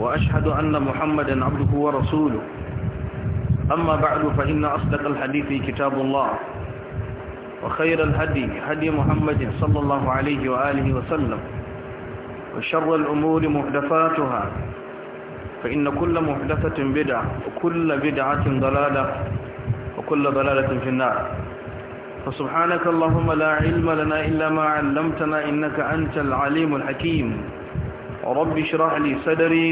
وأشهد أن محمدا عبده ورسوله أما بعد فإن أصدق الحديث كتاب الله وخير الهدي هدي محمد صلى الله عليه وآله وسلم وشر الأمور محدثاتها فإن كل محدثة بدعة وكل بدعة ضلالة وكل ضلالة في النار فسبحانك اللهم لا علم لنا إلا ما علمتنا إنك أنت العليم الحكيم رب اشرح لي صدري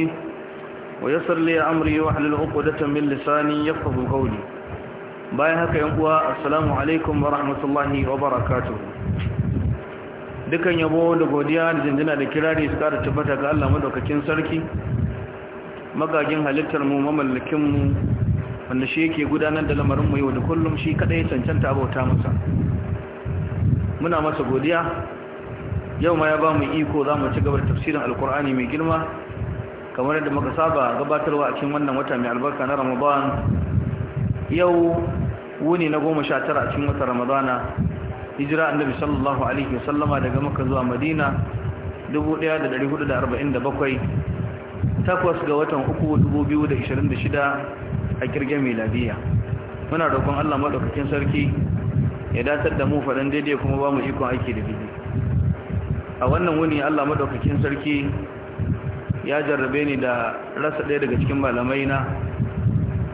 ويسر لي أمري واحلل عقدة من لساني يفقه قولي باي هكا ينقوى alaikum wa rahmatullahi wa وبركاته dukan yabo da godiya da jinjina da kirari su kara tabbata ga Allah madaukakin sarki magagin halittar mu mamallakin mu wanda shi yake gudanar da lamarin mu yau da kullum shi kadai cancanta abauta masa muna masa godiya yau ma ya ba mu iko za mu ci gaba da tafsirin alkur'ani mai girma kamar yadda muka saba gabatarwa a cikin wannan wata mai albarka na ramadan yau wuni na goma sha tara a cikin wata ramadana hijira annabi sallallahu alaihi wasallama daga maka zuwa madina 1447 takwas ga watan uku 2026 a kirgin miladiya muna roƙon allah maɗaukakin sarki ya datar da mu faɗin daidai kuma ba mu ikon aiki da daidai a wannan wuni Allah madaukakin sarki ya jarrabe ni da rasa ɗaya daga cikin malamai na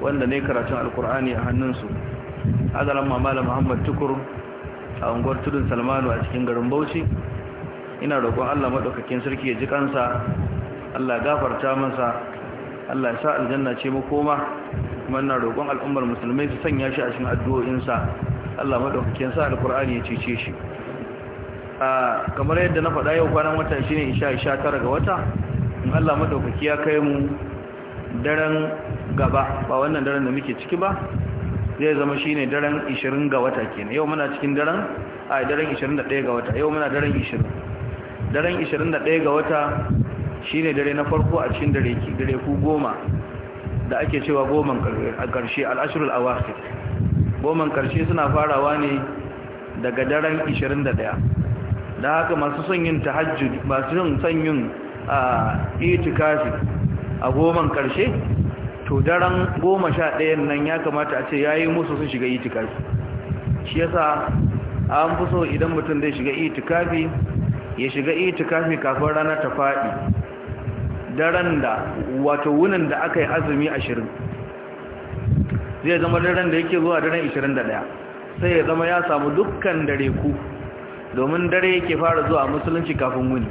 wanda ne karatun alkur'ani a hannunsu azalan mamala muhammad tukur a unguwar tudun salmanu a cikin garin bauchi ina roƙon allah maɗaukakin sarki ya ji kansa allah gafarta masa allah ya sa aljanna ce koma kuma ina roƙon al'ummar musulmai su sanya shi a cikin addu'o'insa allah maɗaukakin sa alkur'ani ya cece shi kamar yadda na faɗa yau kwanan wata shi ne isha tara ga wata in allah maɗaukaki ya kai mu daren gaba ba wannan daren da muke ciki ba zai zama shi ne daren 20 ga wata kenan yau muna cikin daren a daren 21 ga wata yau muna daren 20 daren 21 ga wata shi ne dare na farko a cikin dare dare ku goma da ake cewa goman karshe al'ashirul awakhir goman karshe suna farawa ne daga daren 21 da haka masu son yin tahajjud masu yin son yin itikafi a goman karshe to daren goma sha ɗayan nan ya kamata a ce ya yi musu sun shiga itikafi shi yasa an fi so idan mutum zai shiga itikafi ya shiga itikafi kafin rana ta faɗi daren da wato wunin da aka yi azumi ashirin zai zama daren da yake zuwa daren 21 sai ya zama ya samu dukkan dare ku domin dare yake fara zuwa musulunci kafin wuni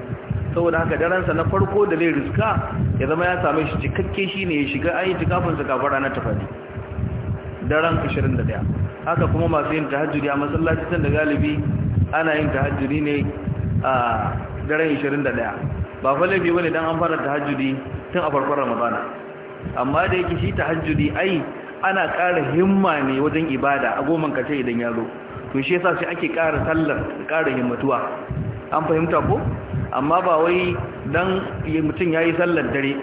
saboda haka daransa na farko da zai riska ya zama ya same shi cikakke shi ne ya shiga ayi yi sa kafara na tafadi daren 21 haka kuma masu yin tahajjudi a masallaci tun da galibi ana yin tahajjudi ne a daren 21 ba fa laifi bane dan an fara tahajjudi tun a farkon ramadana amma da yake shi tahajjudi ai ana ƙara himma ne wajen ibada a goman kace idan ya zo to shi yasa sai ake ƙara sallar ƙara himmatuwa an fahimta ko amma ba wai dan mutum yayi sallar dare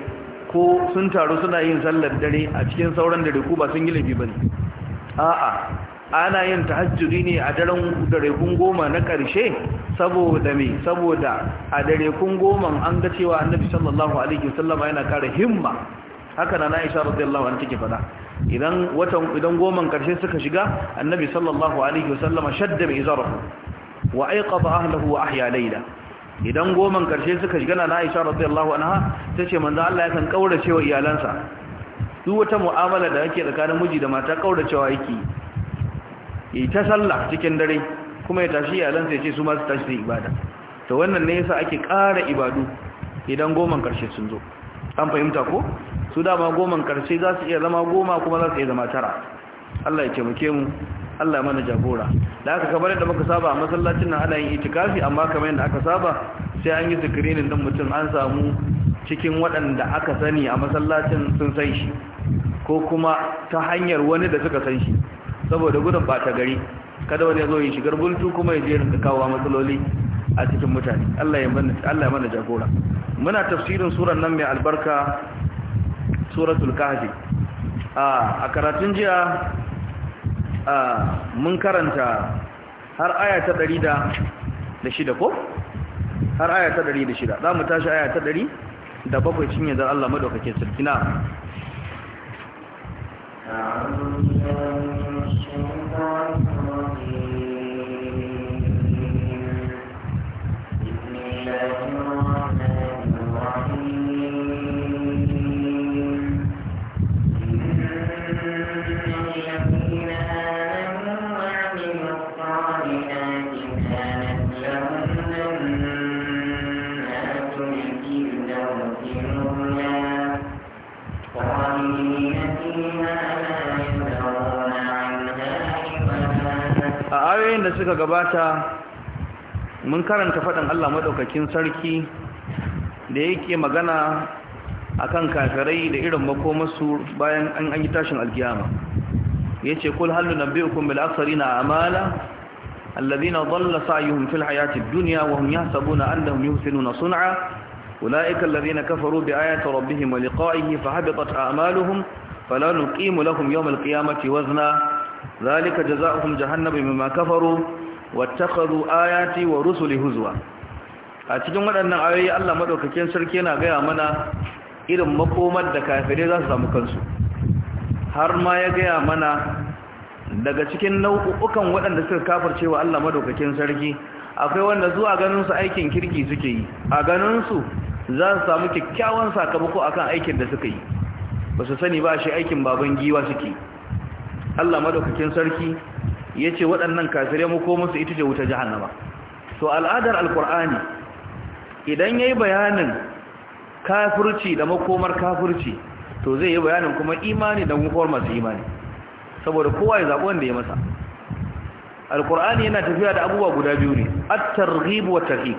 ko sun taru suna yin sallar dare a cikin sauran dare ko ba sun yi laifi bane a'a ana yin tahajjudi ne a daren darekun goma na ƙarshe saboda me saboda a darekun goma an ga cewa annabi sallallahu alaihi wasallam yana ƙara himma haka na Aisha radiyallahu anha take faɗa idan watan idan goman karshe suka shiga annabi sallallahu alaihi wasallama shadda bi izarahu wa aiqadha ahlihi wa ahya layla idan goman karshe suka shiga na Aisha radiyallahu anha tace manzo Allah ya kaurace wa iyalansa duk wata mu'amala da yake tsakanin miji da mata kauracewa yake yi ta sallah cikin dare kuma ya tashi iyalansa ya ce su ma su tashi ibada to wannan ne yasa ake ƙara ibadu idan goman karshe sun zo an fahimta ko su dama goman karshe za su iya zama goma kuma za su iya zama tara Allah ya taimake mu Allah ya mana jagora da aka kamar yadda muka saba a masallacin nan ana yin itikafi amma kamar yadda aka saba sai an yi sikirinin din mutum an samu cikin waɗanda aka sani a masallacin sun san shi ko kuma ta hanyar wani da suka san shi saboda gudun bata gari kada wani ya zo yin shigar bultu kuma ya je rinka kawo matsaloli a cikin mutane Allah ya mana jagora muna tafsirin suran nan mai albarka suratul kahfi a karatun jiya mun karanta har aya ta 106 ko har aya ta 106 za mu tashi aya ta 107 cinye da Allah madaukakin sulkina a أعوذ da suka gabata mun karanta faɗin Allah maɗaukakin sarki da yake magana akan kafirai da irin makomarsu bayan an an yi tashin alkiyama yace kul hal nabiyukum bil na amala alladhina zalla sa'yuhum fil hayati ad-dunya wa hum yahsabuna annahum yuhsinuna sun'a ulaika alladhina kafaru bi ayati rabbihim wa liqa'ihi fahabitat a'maluhum fala nuqimu lahum yawm al-qiyamati wazna ذلك جزاؤهم جهنم بما كفروا واتخذوا اياتي ورسلي هزوا a cikin waɗannan ayoyi Allah madaukakin sarki yana gaya mana irin makomar da kafirai za su samu kansu har ma ya gaya mana daga cikin nau'ukan waɗanda suka kafarce wa Allah madaukakin sarki akwai wanda zuwa ganin su aikin kirki suke yi a ganin su za su samu kyakkyawan sakamako akan aikin da suka yi ba su sani ba shi aikin baban giwa suke yi Allah madaukakin sarki yace waɗannan kafirai mu ko musu ita ce wuta jahannama to al'adar alqur'ani idan yayi bayanin kafirci da makomar kafirci to zai yi bayanin kuma imani da makomar masu imani saboda kowa ya zabo wanda ya masa alqur'ani yana tafiya da abubuwa guda biyu ne at-targhib wa tarhib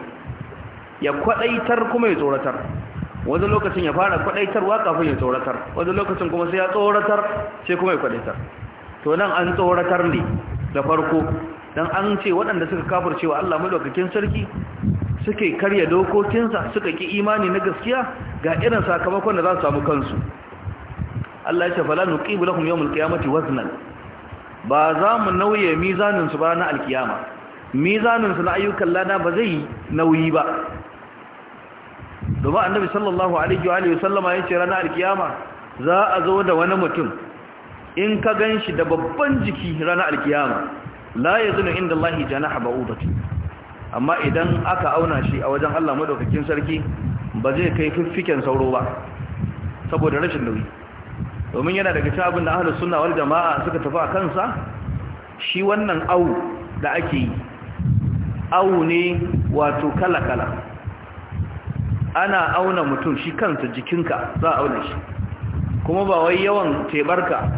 ya kwadaitar kuma ya tsoratar wani lokacin ya fara kwadaitarwa kafin ya tsoratar wani lokacin kuma sai ya tsoratar sai kuma ya kwadaitar to nan an tsoratar ne da farko don an ce waɗanda suka kafar cewa Allah madaukakin sarki suke karya dokokinsa suka ki imani na gaskiya ga irin sakamakon da za su samu kansu Allah ya ce fala nuqibu lahum yawmal qiyamati waznan ba za mu nauye mizanin ba na alkiyama mizanin na ayyukan lada ba zai nauyi ba domin annabi sallallahu alaihi wa alihi sallama yace ranar alkiyama za a zo da wani mutum in ka gan shi da babban jiki ranar alkiyama la ya zina inda Allah janaha ce. amma idan aka auna shi a wajen Allah maɗaukakin sarki ba zai kai fiffiken sauro ba saboda rashin nauyi domin yana daga cikin abin da ahlus suna wani jama'a suka tafi a kansa shi wannan au da ake yi au ne wato kala kala ana auna mutum shi kansa jikinka za a auna shi kuma ba wai yawan tebarka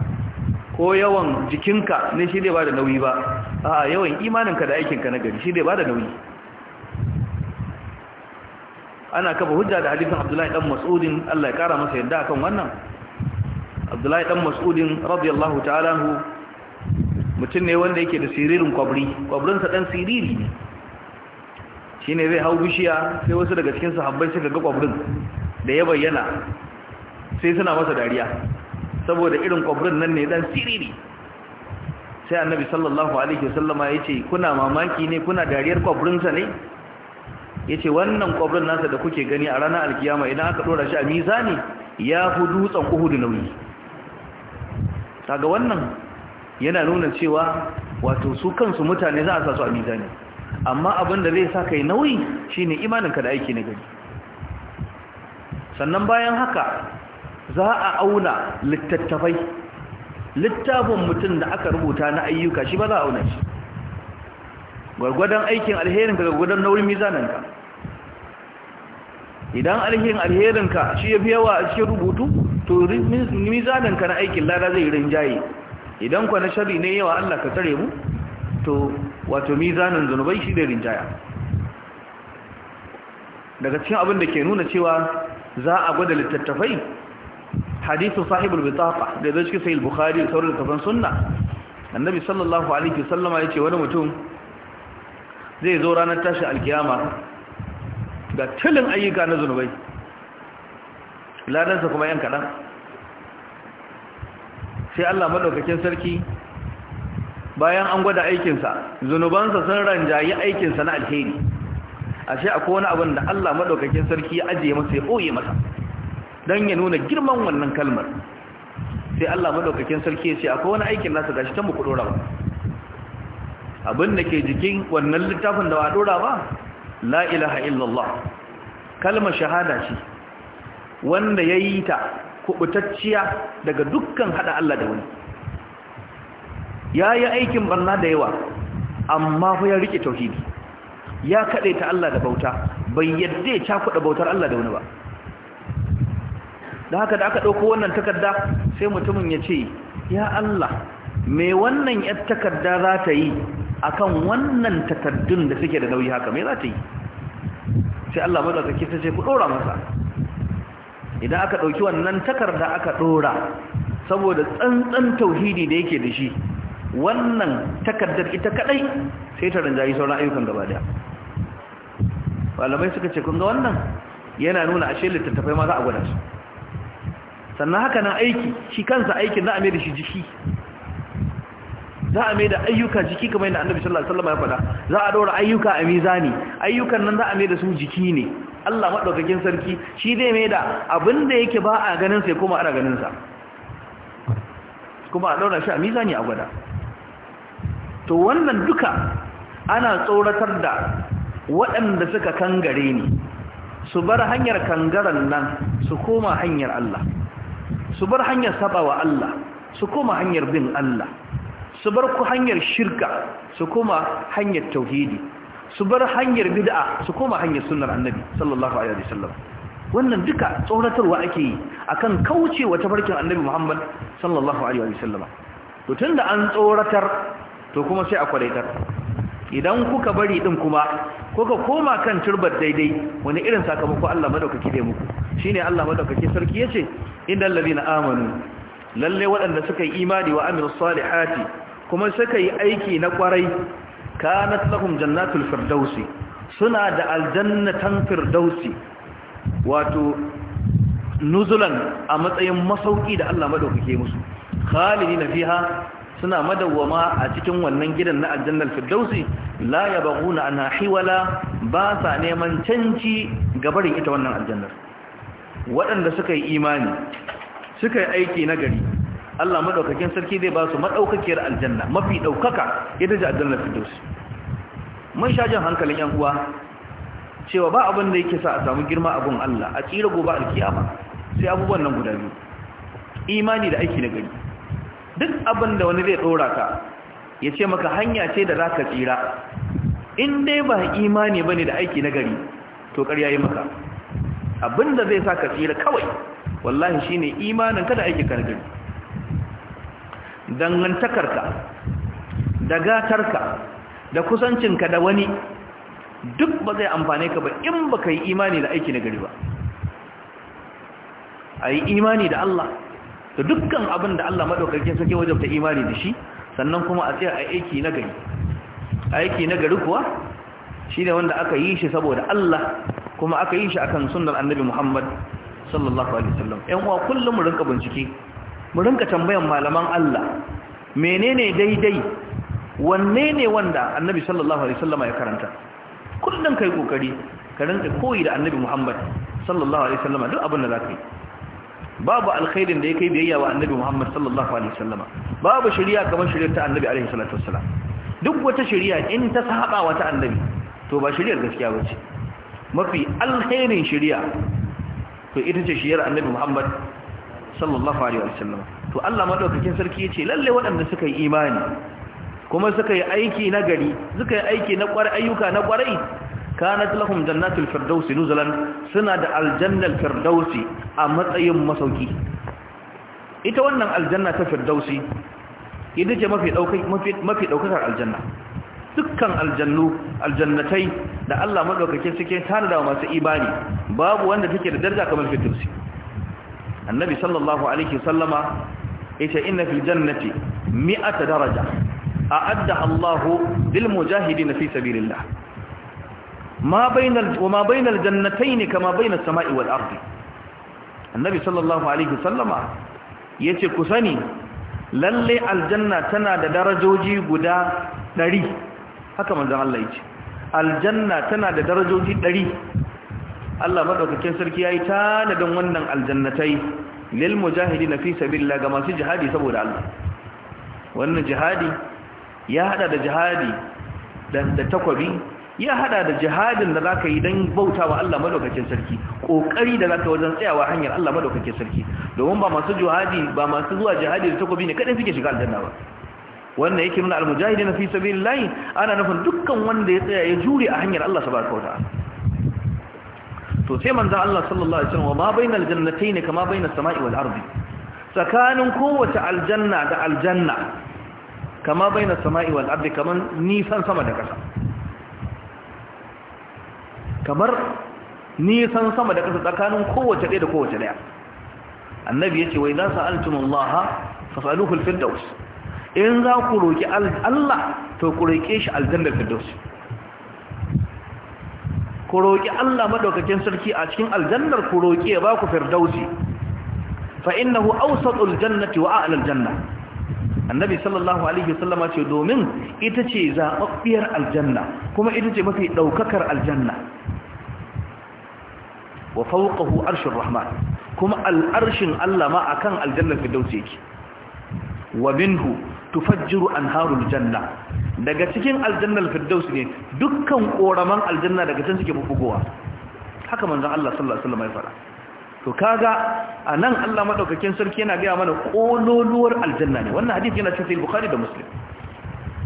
ko yawan jikinka ne shi ne ba da nauyi ba a yawan imaninka da aikinka na gari shi ne ba da nauyi ana kafa hujja da hadisin abdullahi dan mas'udin Allah ya kara masa yadda kan wannan abdullahi dan mas'udin radiyallahu ta'ala hu mutum ne wanda yake da siririn kwabri kwabrinsa dan siriri ne shi ne zai hau bishiya sai wasu daga cikin sahabbai suka ga kwabrin da ya bayyana sai suna masa dariya saboda irin kwabrin nan ne dan siriri sai annabi sallallahu alaihi wasallama ya ce kuna mamaki ne kuna dariyar kwabrinsa ne ya ce wannan kwabrin nasa da kuke gani a ranar alkiyama idan aka dora shi a mizani ya fi dutsen uhudu nauyi kaga wannan yana nuna cewa wato su kansu mutane za a sa su a mizani amma abin da zai sa kai nauyi shine imaninka da aiki na gani sannan bayan haka za a auna littattafai littafin mutum da aka rubuta na ayyuka shi ba za a auna shi gwargwadon aikin alherinka gwargwadon nauyin mizaninka idan alherin alherinka shi ya fi yawa a cikin rubutu to mizaninka na aikin lada zai rinjaye idan kwa na shari ne yawa Allah ka tsare mu to wato mizanin zunubai shi da rinjaya daga cikin abin da ke nuna cewa za a gwada littattafai hadisin sahibul bitaqa da zai cikin sahih bukhari da sauran kafan sunna annabi sallallahu alaihi wasallama yace wani mutum zai zo ranar tashin alkiyama ga tilin ayyuka na zunubai ladansa kuma yan kaɗan sai Allah maɗaukakin sarki bayan an gwada aikinsa zunubansa sun ranjayi aikinsa na alheri ashe akwai wani abin da Allah maɗaukakin sarki ya ajiye masa ya ɓoye masa don ya nuna girman wannan kalmar sai Allah madaukakin sarki ya ce a wani aikin nasa gashi ta muku dora ba abin da ke jikin wannan littafin da ba dora ba la ilaha illallah kalmar shahada ce wanda ya yi ta kubutacciya daga dukkan haɗa Allah da wani ya yi aikin barna da yawa amma fa ya rike tauhidi ya kaɗe ta Allah da bauta bai yadda ya cakuɗa bautar Allah da wani ba da haka da aka ɗauko wannan takarda sai mutumin ya ce ya Allah me wannan yar takarda za ta yi akan wannan takardun da suke da nauyi haka me za ta yi sai Allah matsakaki ta ce ku ɗora masa idan aka ɗauki wannan takarda aka ɗora saboda tsantsan tauhidi da yake da shi wannan takardar ita kadai sai ta rinjayi sauran ayyukan gaba daya malamai suka ce kun ga wannan yana nuna ashe littattafai ma za a gwada su sannan haka nan aiki shi kansa aikin za a mai da shi jiki za a mai da ayyuka jiki kamar yadda annabi sallallahu alaihi wasallam ya faɗa za a daura ayyuka a mizani ayyukan nan za a mai da su jiki ne Allah madaukakin sarki shi zai mai da abin da yake ba a ganin sai kuma ana ganin sa kuma a daura shi a mizani a gwada to wannan duka ana tsoratar da waɗanda suka kangare ni su bar hanyar kangaran nan su koma hanyar Allah su bar hanyar saɓawa Allah su koma hanyar bin Allah su bar ku hanyar shirka su koma hanyar tauhidi su bar hanyar bid'a su koma hanyar sunnar annabi sallallahu alaihi sallam. wannan duka tsoratarwa ake yi akan kauce wa tafarkin annabi Muhammad sallallahu alaihi sallam, to tunda an tsoratar to kuma sai a kwalaitar idan kuka bari din kuma kuka koma kan turbar daidai wani irin sakamako Allah madaukaki da muku shine Allah madaukaki sarki yace innal ladina amanu lalle waɗanda suka yi imani wa amilus salihati kuma suka yi aiki na kwarai kanat lahum jannatul firdausi suna da aljannatan firdausi wato nuzulan a matsayin masauki da Allah madaukake musu khalidina fiha suna madawwama a cikin wannan gidan na aljannar firdausi la baguna ana hiwala ba sa neman canci gabarin ita wannan aljannar waɗanda suka yi imani suka yi aiki na gari Allah madaukakin sarki zai ba su madaukakiyar aljanna mafi ɗaukaka, ita ce aljannar firdausi mun sha jin hankalin yan uwa cewa ba abin da yake sa a samu girma abin Allah a tsira gobe alkiyama sai abubuwan nan guda biyu imani da aiki na gari duk abin da wani zai ɗora ka ya ce maka hanya ce da za ka tsira in dai ba imani ba ne da aiki na gari to ƙarya yi maka abin da zai sa ka tsira kawai wallahi shi ne imanin ka da aiki ka na gari dangantakarka da gatarka da kusancinka da wani duk ba zai amfane ka ba in ba ka yi imani da aiki na gari ba a yi imani da Allah to dukkan abin da Allah madaukakin sake wajabta imani da shi sannan kuma a tsaya a aiki na gari aiki na gari kuwa shine wanda aka yi shi saboda Allah kuma aka yi shi akan sunnar annabi Muhammad sallallahu alaihi wasallam Yan uwa kullum mu rinka bincike mu rinka tambayan malaman Allah menene daidai wanne ne wanda annabi sallallahu alaihi wasallam ya karanta kullum kai kokari ka rinka koyi da annabi Muhammad sallallahu alaihi wasallam duk abin da zaka yi babu alkhairin da ya kai biyayya wa annabi Muhammad sallallahu alaihi wasallama babu shari'a kamar shari'ar ta annabi alaihi salatu wassalam duk wata shari'a in ta saba wa ta annabi to ba shari'ar gaskiya bace mafi alkhairin shari'a to ita ce shari'ar annabi Muhammad sallallahu alaihi wasallama to Allah madaukakin sarki yace lalle waɗanda suka yi imani kuma suka yi aiki na gari suka yi aiki na ƙwarai ayyuka na ƙwarai kanat lahum jannatul firdausi nuzulan suna da aljannal firdausi a matsayin masauki ita wannan aljanna ta firdausi idan ke mafi ɗaukakar aljanna dukkan aljannu aljannatai da Allah maɗaukake suke tare da masu imani babu wanda take da daraja kamar firdausi annabi sallallahu alaihi sallama yace inna fil jannati mi'ata daraja a'adda Allahu lil mujahidin fi sabilillah ma bainal wa ma bainal jannatayn kama bainas sama'i wal ardi annabi sallallahu alaihi wasallama yace ku sani lalle aljanna tana da darajoji guda 100 haka manzon Allah yace aljanna tana da darajoji ɗari. Allah madaukakin sarki yayi tanadin wannan aljannatai lil mujahidi fi ga masu jihadi saboda Allah wannan jihadi ya haɗa da jihadi da takwabi ya hada da jihadin da za ka yi dan bauta wa Allah madaukakin sarki ƙoƙari da za zaka wajen tsayawa hanyar Allah madaukakin sarki domin ba masu jihadi ba masu zuwa jihadi da takobi ne kadai suke shiga aljanna ba wannan yake nuna almujahidin fi sabilillahi ana nufin dukkan wanda ya tsaya ya jure a hanyar Allah subhanahu wataala to sai manzo Allah sallallahu alaihi wa ma bainal jannatayn kama bainas sama'i wal arzi? tsakanin kowace aljanna da aljanna kama bainas sama'i wal arzi kaman nisan sama da ƙasa. kamar nisan sama da ƙasa tsakanin kowace ɗaya da kowace ɗaya annabi ya ce wai za su altumullaha fasaluhul firdaus in za ku roƙi Allah to ku roƙe shi aljannar firdaus ku roƙi Allah madaukakin sarki a cikin aljannar ku roƙe ba ku firdausi fa innahu awsatul jannati wa a'lal janna annabi sallallahu alaihi wasallama ce domin ita ce zaɓaɓɓiyar aljanna kuma ita ce mafi ɗaukakar aljanna wa fawqahu arshur rahman kuma al'arshin Allah ma akan aljannar firdausi yake wa minhu tufajjiru anharul janna daga cikin aljannar firdaus ne dukkan ƙoraman aljanna daga can suke bubugowa haka manzon Allah sallallahu alaihi wasallama ya fara to kaga a nan Allah madaukakin sarki yana gaya mana kololuwar aljanna ne wannan hadisi yana cikin bukhari da muslim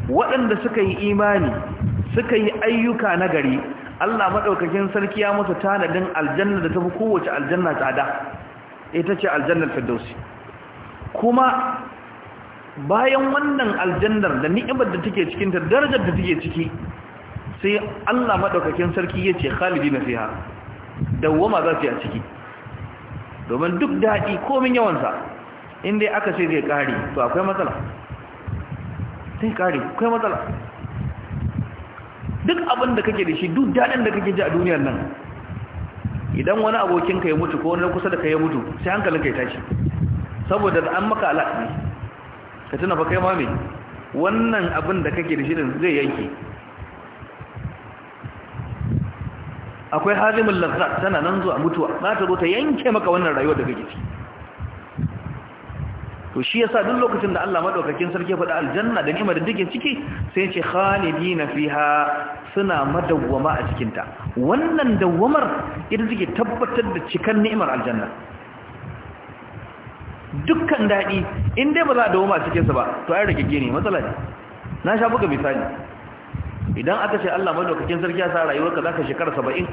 waɗanda suka yi imani suka yi ayyuka na gari Allah madaukakin sarki ya musu tanadin aljanna da tafi kowace aljanna tsada ita ce aljannar firdausi kuma bayan wannan aljannar da ni'imar da take cikin ta darajar da take ciki sai Allah Maɗaukakin sarki yace khalidina fiha dawwama za su yi a ciki domin duk daɗi komin yawansa inda aka ce zai ƙari to akwai matsala sai ƙari akwai matsala duk abin da kake da shi duk daɗin da kake ji a duniyar nan idan wani abokinka ya mutu ko wani kusa da ka ya mutu sai hankalin ka ya tashi saboda da an maka alaɗi ka tuna fa kai ma me wannan abin da kake da shi zai yanke akwai hazimin lazzat tana nan zuwa mutuwa za ta zo ta yanke maka wannan rayuwar da kake to shi yasa duk lokacin da Allah madaukakin sarki ya faɗa aljanna da ni'imar da take ciki sai ce khalidina fiha suna madawwama a cikin ta wannan dawwamar ita take tabbatar da cikan ni'imar aljanna dukkan dadi in dai ba za a dawoma a cikin sa ba to ai rage ne matsala ne na sha buga misali idan aka ce Allah madaukakin sarki ya sa rayuwarka zaka shekara 70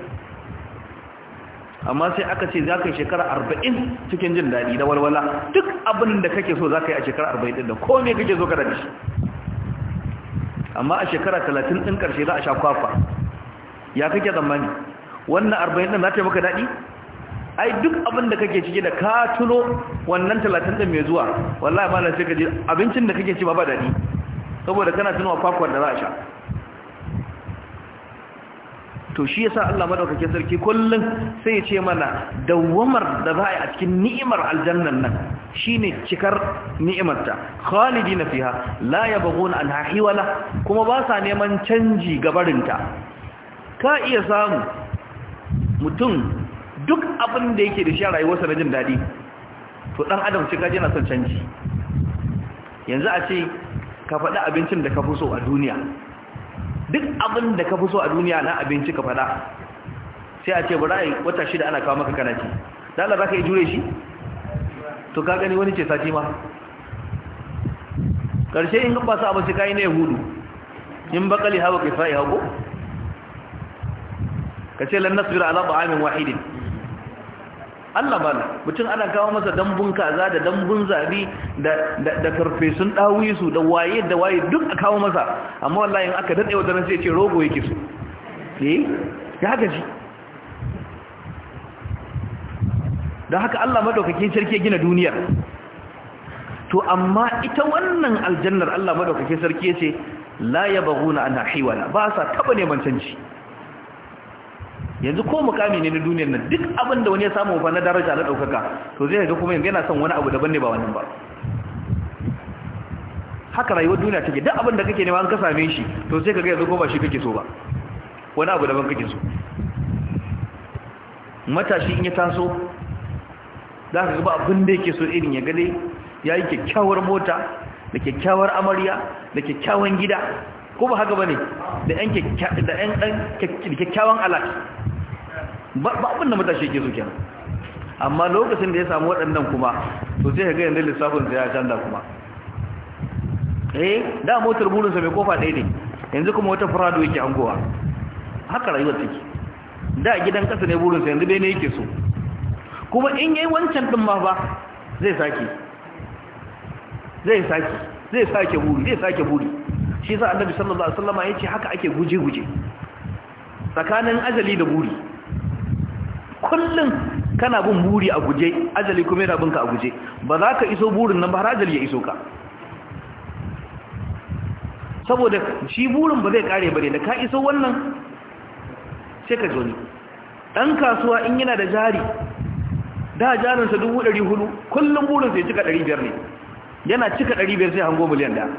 amma sai aka ce zaka yi shekara 40 cikin jin dadi da walwala duk abin da kake so zaka yi a shekara 40 din da komai kake so ka da shi amma a shekara 30 din karshe za a sha kwafa. ya kake tsammani wannan 40 din za ta maka dadi ai duk abin da kake cike da ka tuno wannan 30 din mai zuwa wallahi ba na sai ka ji abincin da kake ci ba ba dadi saboda kana tunawa kwakwar da za a sha to shi yasa Allah madaukakin sarki kullum sai ya ce mana dawwamar da za a yi a cikin ni'imar aljannan nan shine cikar ni'imarta khalidina fiha la yabghuna anha hiwala kuma ba sa neman canji gabarinta ka iya samu mutum duk abin da yake da shi a rayuwarsa na jin dadi to dan adam shi kaje na son canji yanzu a ce ka faɗi abincin da ka fi so a duniya duk abin da ka fi so a duniya na abinci ka faɗa sai a ce ba yi wata shida ana kawo maka kanaki da dala za ka yi jure shi to ka gani wani ce sati ma ƙarshe in ba su abin sai ka yi na yahudu in bakali hawa kifa'i hago ka ce lan nasbira ala ba'amin wahidin Allah ba mutum ana kawo masa dambun kaza da dambun zabi da farfesun ɗawisu da waye da waye duk a kawo masa amma wallahi in aka daɗe wata sai ce rogo yake so eh ya haka Da haka Allah madaukakin sarki ya gina duniya to amma ita wannan aljannar Allah madaukakin sarki ya ce la yabghuna ana hiwala ba sa taba neman canci yanzu ko mukami ne na duniyar nan duk abin da wani ya samu fa na daraja na ɗaukaka, to zai ga kuma yanzu yana son wani abu daban ne ba wannan ba haka rayuwar duniya take duk abin da kake nema an ka same shi to sai ga yanzu ko ba shi kake so ba wani abu daban kake so matashi in ya taso za ka ga ba abin da yake so irin ya gade ya yi kyakkyawar mota da kyakkyawar amarya da kyakkyawan gida ko ba haka ba ne da 'yan kyakkyawan alaƙi. ba abin da matashi ke so amma lokacin da ya samu waɗannan kuma to sai ga yanzu lissafin sai ya canza kuma eh da motar burinsa mai kofa ɗaya ne yanzu kuma wata farado yake angowa haka rayuwar take da gidan ƙasa ne burinsa yanzu dai ne yake so kuma in yayi wancan din ma ba zai sake zai sake zai sake buri zai sake buri shi sa annabi sallallahu alaihi wasallam yace haka ake guje guje tsakanin ajali da buri kullum kana bin buri a guje ajali kuma yana binka a guje ba za ka iso burin nan ba har ajali ya iso ka saboda shi burin ba zai kare ba ne da ka iso wannan sai ka joni Dan kasuwa in yana da jari da jarinsa dubu ɗari hudu kullum burinsa ya cika 500 biyar ne yana cika 500 biyar sai hango miliyan ɗaya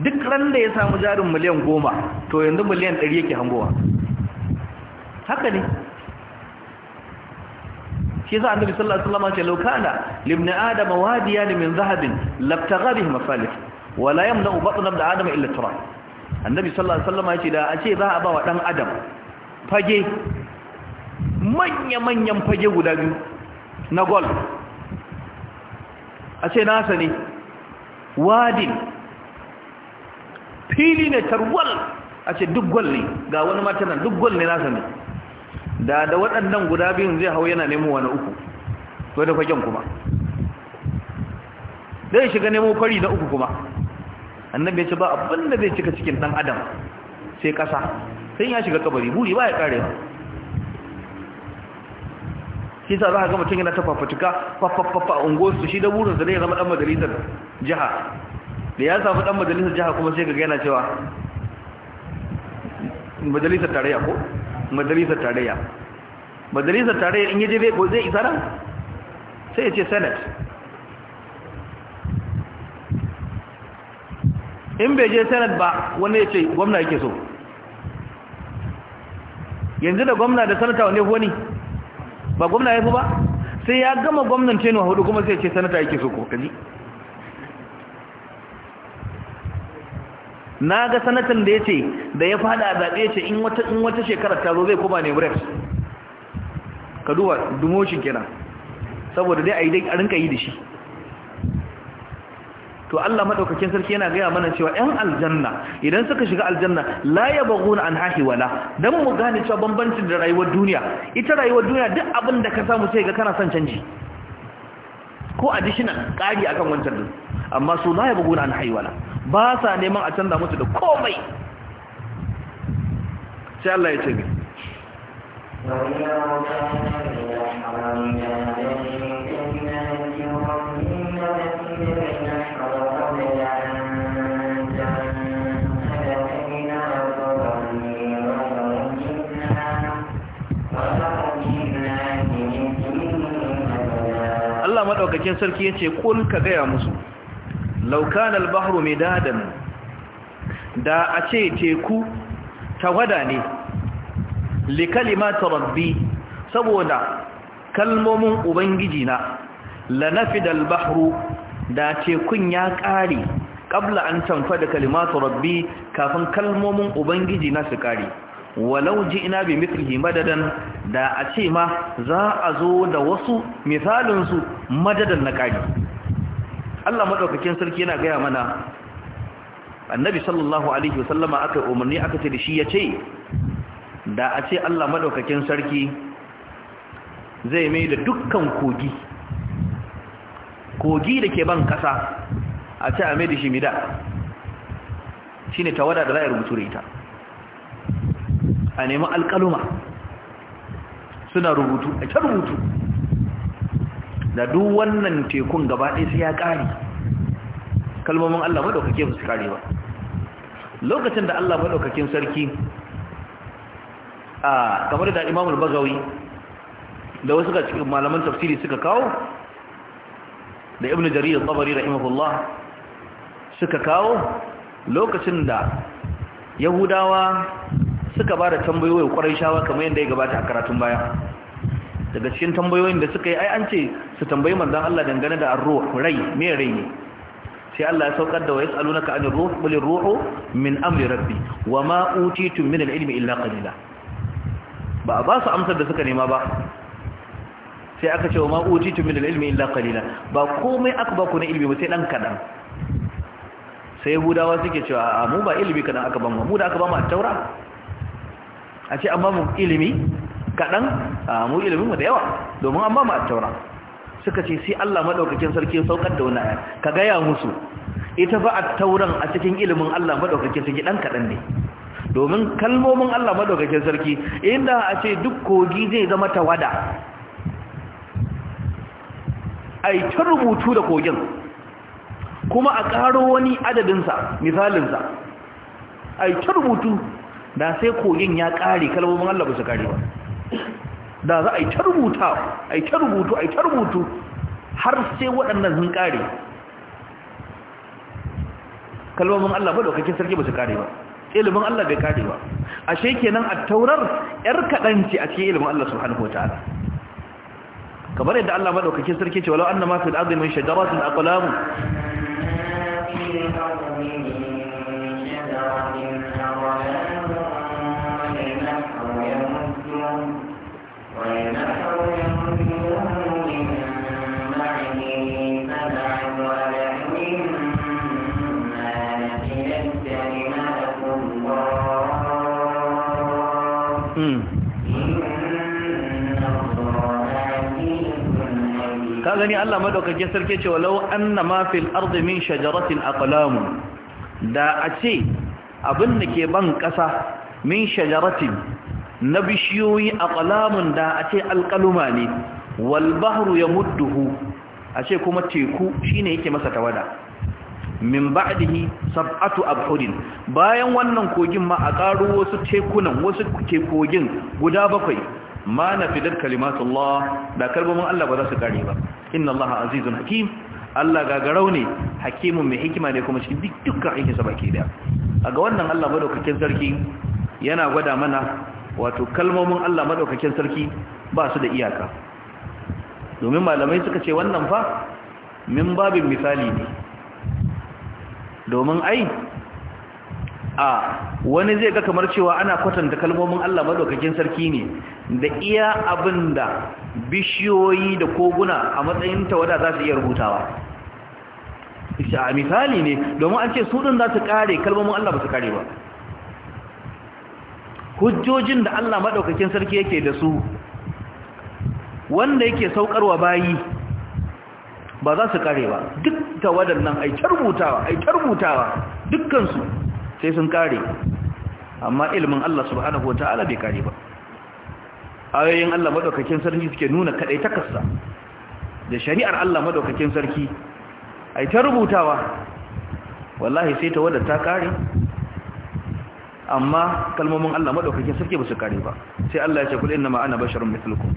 duk ran da ya samu jarin miliyan goma to yanzu miliyan 100 yake hangowa haka ne shi annabi sallallahu alaihi wasallam ce laukana libni adama wadiyan min zahabin labtagharih masalih wala yamla batna ibn Adama illa turab annabi sallallahu alaihi wasallam ya ce da a ce za a ba wa dan adam fage manya manyan fage guda biyu na gol a ce nasa ne wadin fili ne tarwal a ce duk gol ne ga wani matanan duk gol ne nasa ne da da waɗannan guda biyun zai hau yana nemo wani uku to da fagen kuma zai shiga nemo fari na uku kuma annabi ya ce ba abin da zai cika cikin dan adam sai ƙasa sai ya shiga kabari buri ba ya ƙare shi sa za a gama mutum ta fafatika fafafafa a unguwarsu shi da burinsa ne ya zama ɗan majalisar jiha da ya samu ɗan majalisar jiha kuma sai ga yana cewa majalisar tarayya ko majalisar tarayya majalisar tarayya in yaje zai zai isa ran sai ya ce senate in bai je senate ba wanda ya ce gwamna yake so yanzu da gwamna da sanata wane wani ba gwamna ya fi ba sai ya gama gwamnan ce hudu kuma sai ya ce sanata yake so ko kaji na ga sanatan da ya ce da ya fada a zaɓe ce in wata shekarar ta zo zai kuma ne brex ka duba dumoshin kina saboda dai a yi dai a rinka yi da shi to Allah maɗaukakin sarki yana gaya mana cewa 'Yan aljanna idan suka shiga aljanna la ya na an haki wala Don mu gane cewa bambancin da rayuwar duniya ita rayuwar duniya duk abin da ka samu sai ga kana son canji ko additional kari akan wancan din amma su la ya na an haki wala ba sa neman a canza musu da komai sai Allah ya ce ne Allah maɗaukakin sarki ya ce ƙul ka gaya musu laukanar bahru midadan da a ce teku wada ne li kalimata rabbi saboda kalmomin ubangiji na lanafida bahru da tekun ya kare kabla an da kalimatu rabbi kafin kalmomin ubangiji na su kare walau ina bi mithlihi madadan da a ce ma za a zo da wasu misalin su madadan na kare Allah madaukakin sarki yana gaya mana annabi sallallahu alaihi wasallama aka umarni aka ce da shi ya ce da a ce Allah madaukakin sarki zai mai da dukkan kogi kogi da ke ban kasa a ce a mai da shi mida shi ne tawada da za a rubutu da ita a nemi alkaluma suna rubutu a ta rubutu da duk wannan tekun gaba ɗaya sai ya ƙare kalmomin Allah madaukake ba su kare ba lokacin da Allah ɗaukakin sarki a kamar da Imam al-Bagawi da wasu ga cikin malaman tafsiri suka kawo da Ibn Jarir al-Tabari rahimahullah suka kawo lokacin da Yahudawa suka ba da tambayoyi ƙwarai shawa kamar yadda ya gabata a karatun baya daga cikin tambayoyin da suka yi ai an ce su tambayi manzon Allah dangane da ar-ruh rai me rai ne sai Allah ya saukar da wayas alunaka anir ruh qul ruhu min amri rabbi wama utitu min al-ilmi illa qalila ba ba su amsar da suka nema ba sai aka ce wama utitu min al-ilmi illa qalila ba komai aka ba ku na ilmi ba sai dan kadan sai yahudawa suke cewa a mu ba ilmi kadan aka ba mu mu da aka ba mu at-taura a ce amma mu ilmi kaɗan mu ilimin da yawa domin an ba mu attaura suka ce sai Allah maɗaukakin sarki ya saukar da wani aya ka gaya musu ita ba attauran a cikin ilimin Allah madaukakin sarki dan kaɗan ne domin kalmomin Allah madaukakin sarki inda a ce duk kogi zai zama tawada ai ta rubutu da kogin kuma a ƙaro wani adadinsa misalinsa ai ta rubutu da sai kogin ya ƙare kalmomin Allah ba su ƙare ba da za a yi ta rubuta a yi ta rubutu a yi ta rubutu har sai waɗannan sun ƙare kalmomin Allah ba daukakin sarki ba su ƙare ba ilimin Allah bai ƙare ba ashe kenan a taurar yar kaɗanci a cikin ilimin Allah subhanahu ta'ala kamar yadda Allah da madaukakin sarki ce walau annama fil ardi min shajaratin aqlam Thank you. ka gani Allah madaukakin sarki ce walau anna ma fil ardi min shajaratin aqlam da a ce abin da ke ban kasa min shajaratin na bishiyoyi a ƙalamun da a ce alƙaluma ne walbahru ya mudduhu a ce kuma teku shine yake masa tawada min ba'dihi sab'atu abhudin bayan wannan kogin ma a ƙaro wasu tekunan wasu kogin guda bakwai ma na fidar kalimatullah da kalmomin Allah ba za su kare ba inna Allah azizun hakim Allah gagarau ne hakimin mai hikima ne kuma cikin dukkan aikinsa baki daya a ga wannan Allah madaukakin sarki yana gwada mana wato kalmomin Allah maɗaukakin sarki ba su da iyaka domin malamai suka ce wannan fa min babin misali ne domin ai a wani zai ga kamar cewa ana kwatanta kalmomin Allah maɗaukakin sarki ne da iya abin da bishiyoyi da koguna a matsayin tawada za su iya rubutawa a misali ne domin an ce su din za su kare kalmomin Allah ba su kare ba hujjojin da Allah maɗaukakin sarki yake da su wanda yake saukarwa bayi ba za su kare ba duk da waɗannan aikar rubutawa aikar rubutawa dukkansu sai sun kare amma ilimin Allah subhanahu wa ta'ala bai kare ba ayoyin Allah maɗaukakin sarki suke nuna kaɗai takarsa da shari'ar Allah maɗaukakin sarki aikar rubutawa wallahi sai ta wadda ta kare amma kalmomin Allah maɗaukakin sarki ba su kare ba sai Allah ya ce kul inna ma ana basharun mithlukum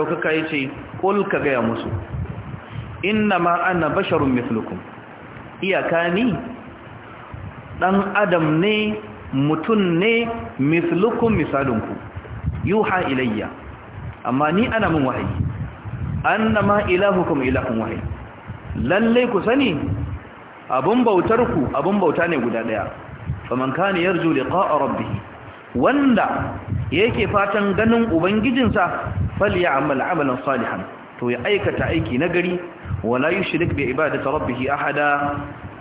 ɗaukaka ya ce ƙul ka gaya musu inna ma ana basharun mithlukum iyaka ni ɗan adam ne mutum ne mithlukum misalinku yuha ilayya amma ni ana min wahayi anna ma ilahukum ilahun wahayi lallai ku sani abin bautar ku abun bauta ne guda ɗaya faman kana yarju a rabbi. wanda yake fatan ganin ubangijinsa amala amalan salihan to ya aikata aiki nagari wala yushrik bi ibadati rabbih ahada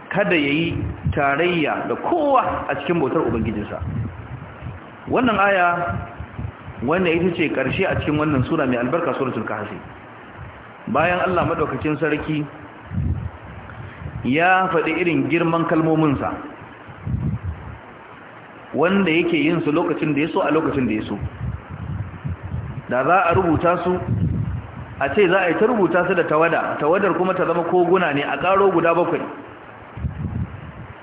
kada yayi tarayya da kowa a cikin bautar ubangijinsa wannan aya wanda ita ce karshe a cikin wannan sura mai albarka suratul kahfi bayan Allah madaukakin sarki ya faɗi irin girman sa wanda yake yin su lokacin da yaso a lokacin da yaso da za a rubuta su a ce za a yi ta rubuta su da tawada tawadar kuma ta zama koguna ne a ƙaro guda bakwai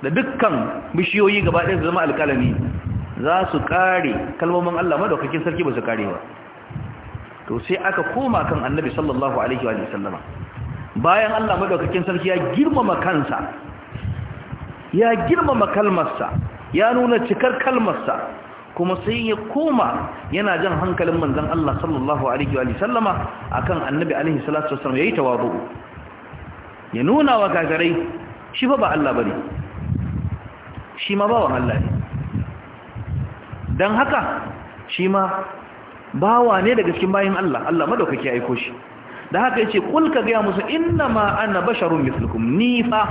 da dukkan bishiyoyi gaba ɗaya su zama alƙalami za su ƙare kalmomin Allah madaukakin sarki ba su ƙare ba to sai aka koma kan annabi sallallahu alaihi wa sallama bayan Allah madaukakin sarki ya girmama kansa ya girmama kalmarsa ya nuna cikar kalmarsa kuma sai ya koma yana jan hankalin manzan Allah sallallahu alaihi wa sallama akan annabi alaihi salatu wassalam yayi tawabu ya nuna wa gagarai shi ba ba Allah bane shi ma bawan Allah ne dan haka shi ma bawa ne daga cikin bayin Allah Allah madaukake aiko shi da haka yace kul ka ga musu inna ma ana basharun mislukum ni fa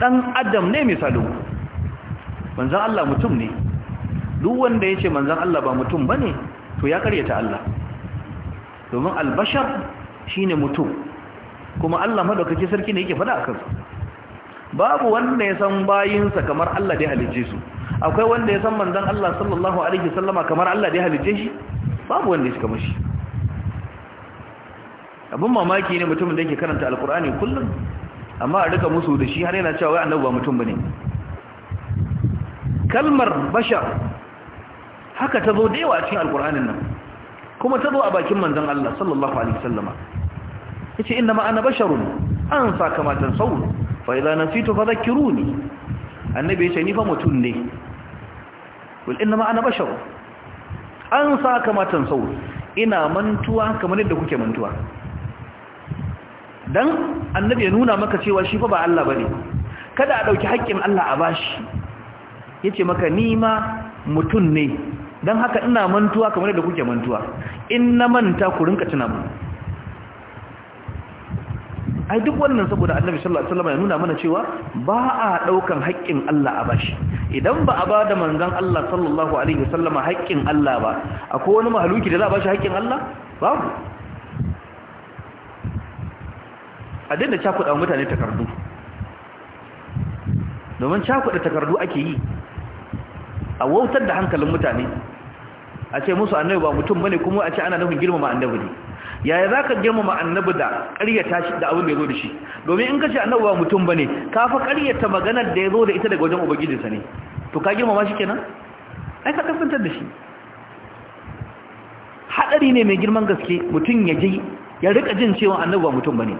dan adam ne misalinku manzon Allah mutum ne duk wanda ya ce manzan Allah ba mutum ba ne to ya karyata Allah domin albashar shi ne mutum kuma Allah madaukaki sarki ne yake faɗa a kansu babu wanda ya san bayinsa kamar Allah da ya halicce su akwai wanda ya san manzan Allah sallallahu alaihi sallama kamar Allah da ya halicce shi babu wanda ya kama shi abin mamaki ne mutumin da yake karanta alkur'ani kullum amma a rika musu da shi har yana cewa annabi ba mutum bane kalmar bashar haka ta zo da yawa a cikin alkur'anin nan kuma ta zo a bakin manzan Allah sallallahu alaihi wasallama yace inna ma ana basharun an sa kama tan sawu fa idza nasitu fadhakkiruni annabi yace ni fa mutun ne wal inna ma ana basharun an sa kama tan sawu ina mantuwa kamar yadda kuke mantuwa dan annabi ya nuna maka cewa shi fa ba Allah bane kada a dauki haƙƙin Allah a bashi yace maka ni ma mutun ne don haka ina mantuwa kamar da kuke mantuwa in na manta ku rinka tuna mu ai duk wannan saboda annabi sallallahu alaihi wasallam ya nuna mana cewa ba a daukan haƙƙin Allah a bashi idan ba a bada manzon Allah sallallahu alaihi wasallama haƙƙin Allah ba akwai wani mahaluki da za a bashi haƙƙin Allah babu a dinda cakuɗa mutane takardu domin cakuɗa takardu ake yi a wautar da hankalin mutane a ce musu annabi ba mutum bane kuma a ce ana nufin girmama annabi ne yaya za ka girmama annabi da ƙaryata shi da abin da ya zo da shi domin in ka ce annabi ba mutum bane ka fa ƙaryata maganar da ya zo da ita daga wajen ubangijinsa ne to ka girmama shi kenan ai ka kasantar da shi hadari ne mai girman gaske mutum ya je ya rika jin cewa annabi ba mutum bane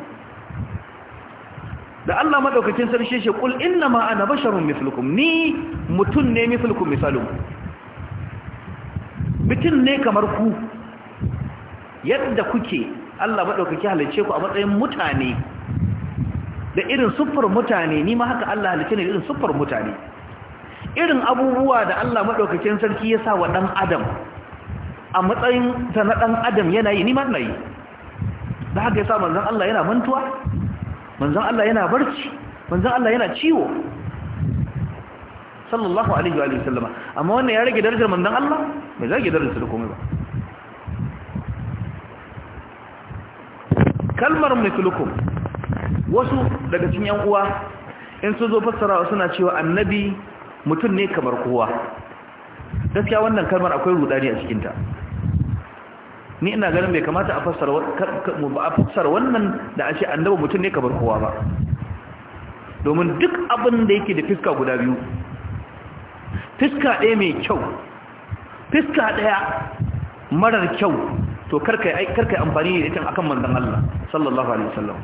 da Allah madaukakin sarki shi kul inna ma ana basharun mithlukum ni mutum ne mithlukum misalukum mutum ne kamar ku yadda kuke Allah maɗaukaki halice ku a matsayin mutane da irin sufar mutane ni ma haka Allah halice ne irin sufar mutane irin abubuwa da Allah maɗaukakin sarki ya sa wa ɗan adam a matsayin ta na ɗan adam yana yi ni ma na yi da haka ya sa manzan Allah yana mantuwa manzan Allah yana barci manzan Allah yana ciwo sallallahu alaihi wa sallama amma wannan ya rage darajar manzon Allah bai zage darajar da komai ba kalmar mithlukum wasu daga cikin yan uwa in sun zo fassarawa suna cewa annabi mutum ne kamar kowa gaskiya wannan kalmar akwai rudani a cikinta ni ina ganin bai kamata a fassara wannan da a ce annabi mutum ne kamar kowa ba domin duk abin da yake da fiska guda biyu fiska ɗaya mai kyau fiska ɗaya marar kyau to karkai amfani da ita akan manzan Allah sallallahu alaihi wasallam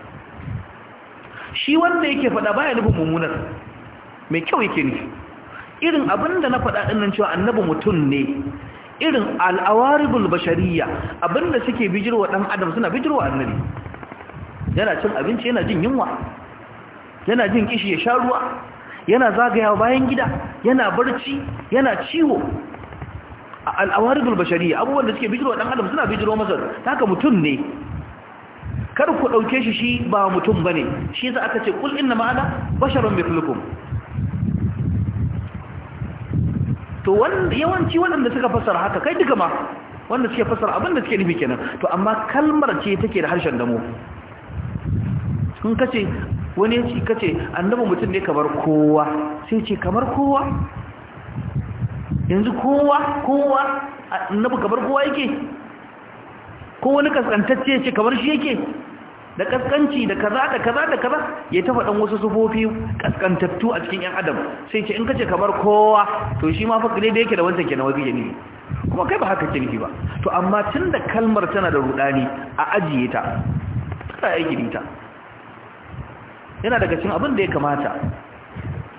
shi wanda yake faɗa baya nufin mummunar mai kyau yake nufi irin abin da na faɗa ɗin nan cewa annabi mutum ne irin al'awaribul bashariya abinda suke bijirwa ɗan adam suna bijirwa annabi yana cin abinci yana jin yunwa yana jin kishi ya sha ruwa yana zagayawa bayan gida yana barci yana ciwo al'awaridul bashariya abubuwan da suke bijiro ɗan adam suna bijiro masa haka mutum ne kar ku dauke shi shi ba mutum bane shi za aka ce kul inna ma'ana mai mithlukum to yawanci waɗanda suka fasar haka kai duka ma wanda suke fasar abinda suke nufi kenan to amma kalmar ce take da harshen damo sun kace wani ya ce kace annabi mutum ne kamar kowa sai ce kamar kowa yanzu kowa kowa annabi kamar kowa yake ko wani kaskantacce ce kamar shi yake da kaskanci da kaza da kaza da kaza ya tafa dan wasu sufofi kaskantattu a cikin yan adam sai ce in kace kamar kowa to shi ma fa gare da yake da wancan na wazi ne kuma kai ba haka ke ba to amma tunda kalmar tana da rudani a ajiye ta ta aiki ta yana daga cin abin da ya kamata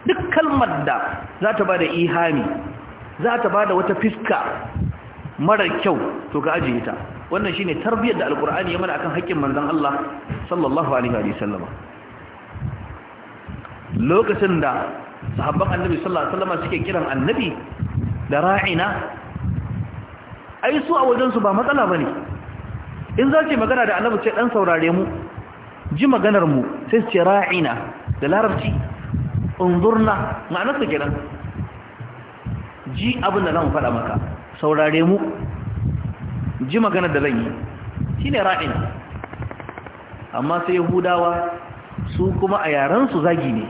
duk kalmar da za ta ba da ihami za ta ba da wata fiska mara kyau to ka ajiye ta wannan shine tarbiyyar da alkur'ani ya mana akan haƙƙin manzon Allah sallallahu alaihi wa sallama lokacin da sahabban annabi sallallahu alaihi wasallama suke kiran annabi da ra'ina ai su a wajen su ba matsala bane in za yi magana da annabi ce dan saurare mu ji maganar mu sai ce ra'ina da larabci unzurna ma'anar su kenan ji abin da zan faɗa maka saurare mu ji maganar da zan yi shine ra'ina amma sai yahudawa su kuma a yaran su zagi ne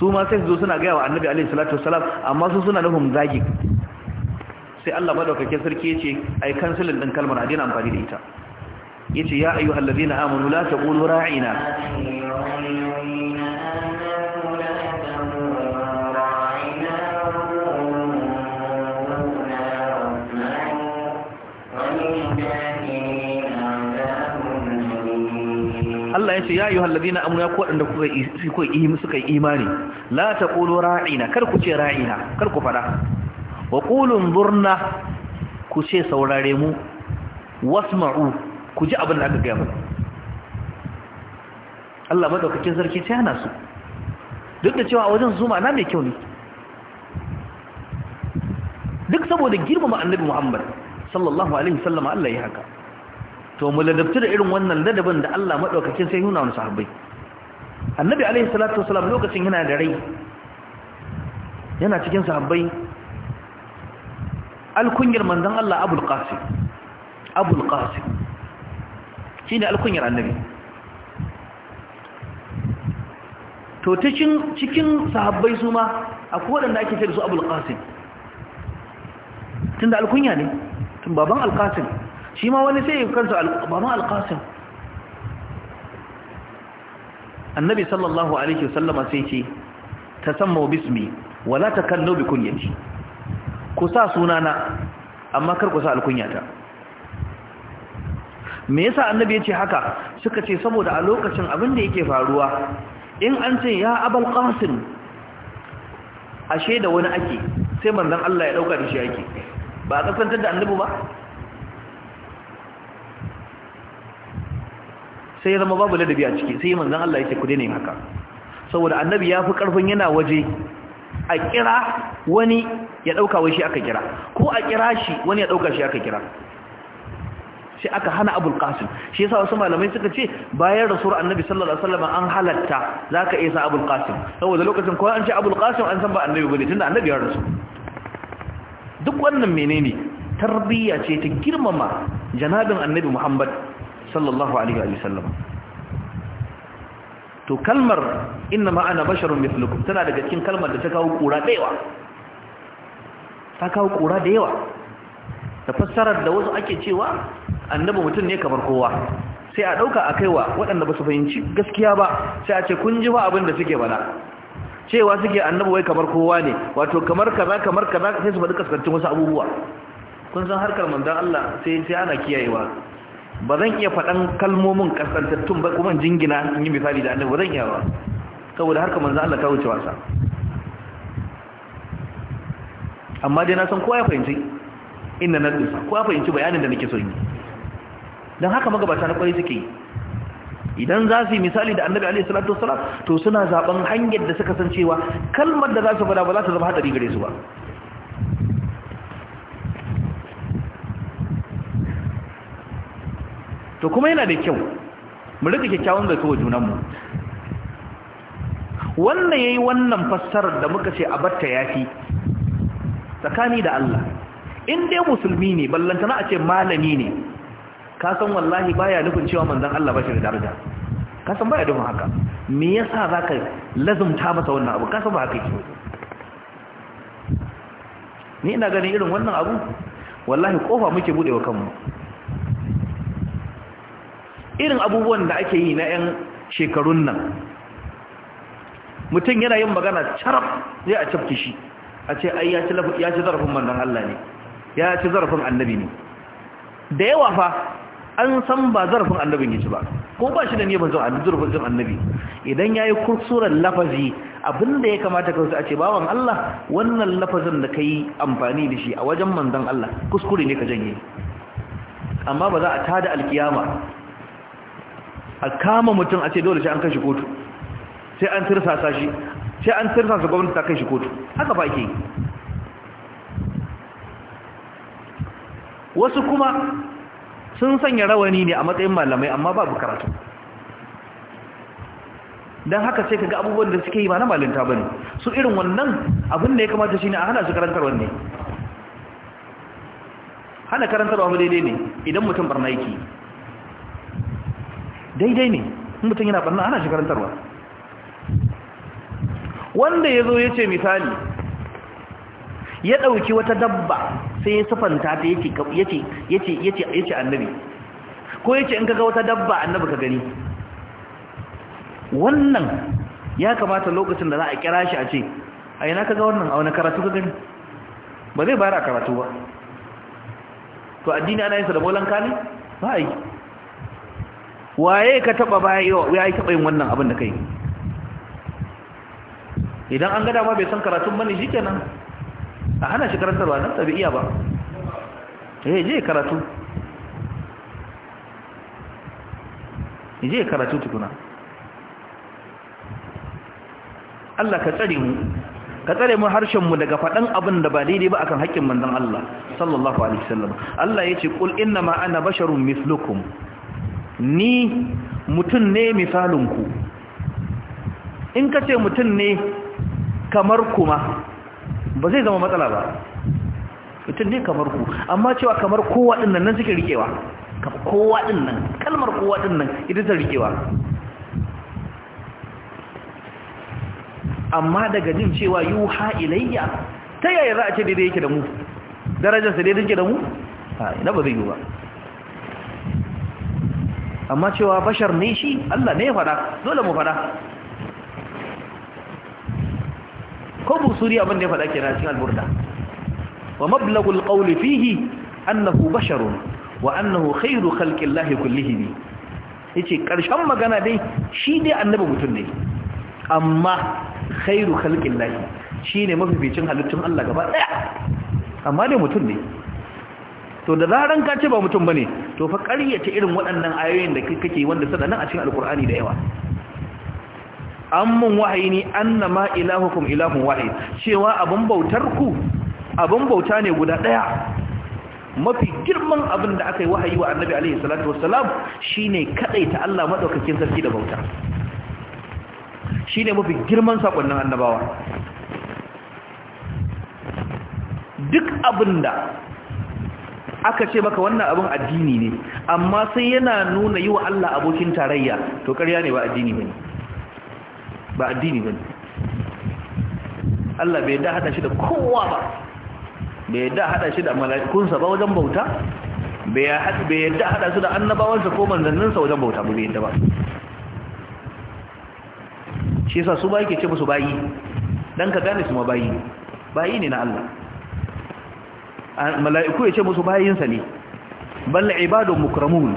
su ma sai zo suna gaya wa annabi alaihi salatu wassalam amma su suna nufin zagi sai Allah madaukake sarki yace ai kansilin din kalmar a daina amfani da ita yace ya ayyuhal ladina amanu la taqulu ra'ina Allah ya ce ya ayyuhal ladina amanu ku wadanda kuka yi suka yi imani la taqulu ra'ina kar ku ce ra'ina kar ku fada wa qulu zurna ku ce saurare mu wasma'u ku ji abin da aka gaya mana Allah madaukakin sarki ta yana su duk da cewa wajen zuma na mai kyau ne duk saboda girmama annabi Muhammad sallallahu alaihi wasallam Allah ya haka to mu ladabtu da irin wannan ladabin da Allah madaukakin sai nuna wa sahabbai annabi alaihi salatu wasallam lokacin yana da rai yana cikin sahabbai alkunyar manzon Allah Abul Qasim Abul Qasim Shi ne alkunyar annabi to cikin cikin sahabbai su ma akwai wadanda ake cewa su abul tun da alkunya ne tun baban alqasim shi ma wani sai kansu baban alqasim annabi sallallahu alaihi wasallama sai ce tasammu bismi wala takallu bi kunyati ku sa sunana amma kar ku sa alkunyata me yasa annabi ya ce haka suka ce saboda a lokacin abin da yake faruwa in an ce ya abal qasim ashe da wani ake sai manzon Allah ya dauka da shi ake ba a kasantar da annabi ba sai ya zama babu ladabi a ciki sai manzon Allah yake ku daina yin haka saboda annabi ya fi karfin yana waje a kira wani ya dauka wai shi aka kira ko a kira shi wani ya dauka shi aka kira sai aka hana abul qasim shi yasa wasu malamai suka ce bayan rasul annabi sallallahu alaihi wasallam an halatta zaka iya sa abul qasim saboda lokacin ko an ce abul qasim an san ba annabi bane tunda annabi ya rasu duk wannan menene tarbiyya ce ta girmama janabin annabi muhammad sallallahu alaihi wa sallam to kalmar inna ma ana basharun mithlukum tana daga cikin kalmar da ta kawo kura da yawa ta kawo kura da yawa da fassarar da wasu ake cewa annabi mutum ne kamar kowa sai a ɗauka a kaiwa waɗanda ba su fahimci gaskiya ba sai a ce kun ji ba abin da suke bana cewa suke annabi wai kamar kowa ne wato kamar kaza kamar kaza sai su faɗi kaskantun wasu abubuwa kun san harkar manzon Allah sai sai ana kiyayewa ba zan iya faɗan kalmomin kaskantattun ba kuma jingina in yi misali da annabi ba zan iya ba saboda harkar manzon Allah ta wuce wasa amma dai na san kowa ya fahimci inda na tsufa kowa fahimci bayanin da nake so yi don haka magabata na kwari suke idan za su yi misali da annabi alaihi salatu wassalam to suna zaben hanyar da suka san cewa kalmar da za su fada ba za ta zama hadari gare su ba to kuma yana da kyau mu rika kyakkyawan zato wa junanmu ya yayi wannan fassarar da muka ce barta yafi tsakani da Allah in dai musulmi ne ballantana a ce malami ne ka san wallahi baya nufin cewa manzon Allah ba shi da daraja ka san baya nufin haka me yasa zaka lazumta masa wannan abu ka san ba haka yake ni ina ganin irin wannan abu wallahi kofa muke bude wa kanmu irin abubuwan da ake yi na 'yan shekarun nan mutum yana yin magana carab zai a cafke shi a ce ai ya ci zarafin manzon Allah ne ya ci zarafin annabi ne da yawa fa an san ba zarafin annabin yace ba ko ba shi da ne bazan annabi zarafin annabi idan yayi kursuran lafazi abinda ya kamata ka a ce bawan Allah wannan lafazin da kai amfani da shi a wajen manzon Allah kuskure ne ka janye amma ba za a tada alkiyama a kama mutum a ce dole sai an kashi kotu sai an tirsasa shi sai an tirsasa gwamnati ta kashi kotu haka ba ke wasu kuma sun sanya rawani ne a matsayin malamai amma babu karatu don haka sai kaga abubuwan da suke yi ba na malinta bane su irin wannan abin da ya kamata shine a hana su karantarwa ne hana karantarwa ba daidai ne idan mutum barna yake daidai ne mutum yana barna hana shi karantarwa wanda ya zo ya ce misali ya ɗauki wata dabba sai ya sufanta ta ce annabi ko ce in kaga wata dabba annabi ka gani wannan ya kamata lokacin da za a kira shi a ce a yana kaga wannan a wani karatu ka gani ba zai bayar a karatu ba to addini ana yin sa da bolan kane ba a yi waye ka taɓa bayan ya yi taɓa yin wannan abin da ka yi? idan an gada ma bai san karatun bane shi kenan a hana shi karantarwa nan tabi iya ba eh je karatu je karatu tukuna Allah ka tsare mu ka tsare mu harshen mu daga faɗan abin da ba daidai ba akan haƙƙin manzon Allah sallallahu alaihi wasallam Allah yace kul inna ma ana basharun mithlukum ni mutun ne misalinku in kace mutun ne kamar kuma ba zai zama matsala ba mutum ne kamar ku amma cewa kamar kowa din nan suke rikewa kowa din nan kalmar kowa din nan ita ta rikewa amma daga jin cewa yuha ilayya ta yaya za a ce daidai yake da mu darajarsa daidai yake da mu ina ba zai yi ba amma cewa bashar ne shi Allah ne ya fada dole mu fada ko busuri abin da ya faɗa na cikin alburda wa mablagul qawli fihi annahu basharun wa annahu khairu lahi kullihi ne. yace karshen magana dai shi dai annabi mutum ne amma khairu lahi shine mafificin halittun Allah gaba daya amma dai mutum ne to da zaran ka ce ba mutum bane to fa ƙaryata irin waɗannan ayoyin da kake wanda suna nan a cikin alkur'ani da yawa an mun wahayi ni annama ilahukum ilahun wahid cewa abin bautar ku abin bauta ne guda daya mafi girman abin da aka yi wahayi wa annabi alaihi salatu wassalam shine ta Allah madaukakin sarki da bauta shine mafi girman sakonnin annabawa duk abin aka ce maka wannan abin addini ne amma sai yana nuna yi wa Allah abokin tarayya to ƙarya ne ba addini bane ba addini ba Allah bai da hada shi da kowa ba bai da hada shi da mala'ikunsa ba wajen bauta bai da hada su da annabawansa ko manzanninsa wajen bauta ba bai yadda ba shi sa su ba yake ce musu bayi dan ka gane su ma bayi bayi ne na Allah mala'iku ya ce musu bayinsa ne balla ibadun mukramun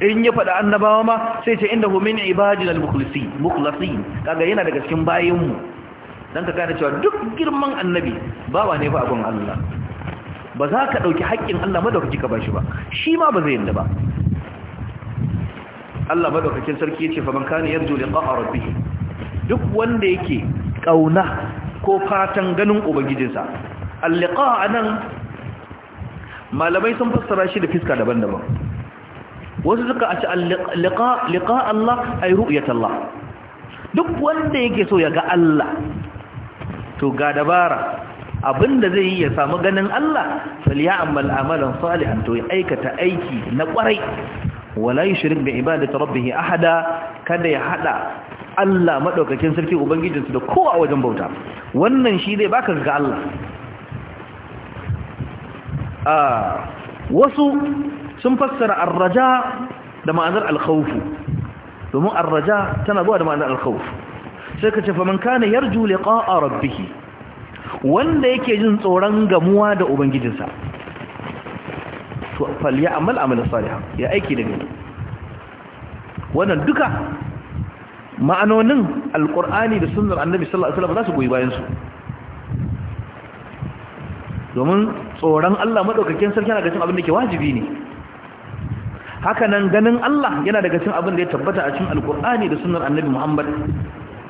in ya faɗa annabawa ma sai ce inda hu min ibadin al-mukhlasin mukhlasin kaga yana daga cikin bayinmu dan ka gane cewa duk girman annabi wa ne ba abun Allah ba za ka dauki haƙƙin Allah madaukaki ka bashi ba shi ma ba zai yinda ba Allah madaukakin sarki yace fa man kana yarju liqa'a rabbih duk wanda yake kauna ko fatan ganin ubangijinsa al-liqa anan malamai sun fassara shi da fiska daban-daban wasu suka a ci liƙa Allah a yi ru'yat Allah duk wanda yake so ya ga Allah to ga dabara abinda zai yi ya samu ganin Allah faliya amal amalan salihan to ya aikata aiki na kwarai wala yushrik bi ibadati a ahada kada ya hada Allah maɗaukacin sarki ubangijinsu da kowa wajen bauta wannan shi zai baka ga Allah ah, wasu sun fassara arraja da ma'anar alkhawfu domin arraja tana zuwa da ma'anar alkhawfu sai ka ce fa man kana yarju liqa'a rabbih wanda yake jin tsoron gamuwa da ubangijinsa to fal falyamal amalan salihan ya aiki da gani wannan duka ma'anonin alkur'ani da sunnar annabi sallallahu alaihi wasallam za su goyi bayan su domin tsoron Allah madaukakin sarki yana ga abin da ke wajibi ne Hakanan ganin Allah yana daga cikin abin da ya tabbata a cikin alkur'ani da sunnar annabi Muhammad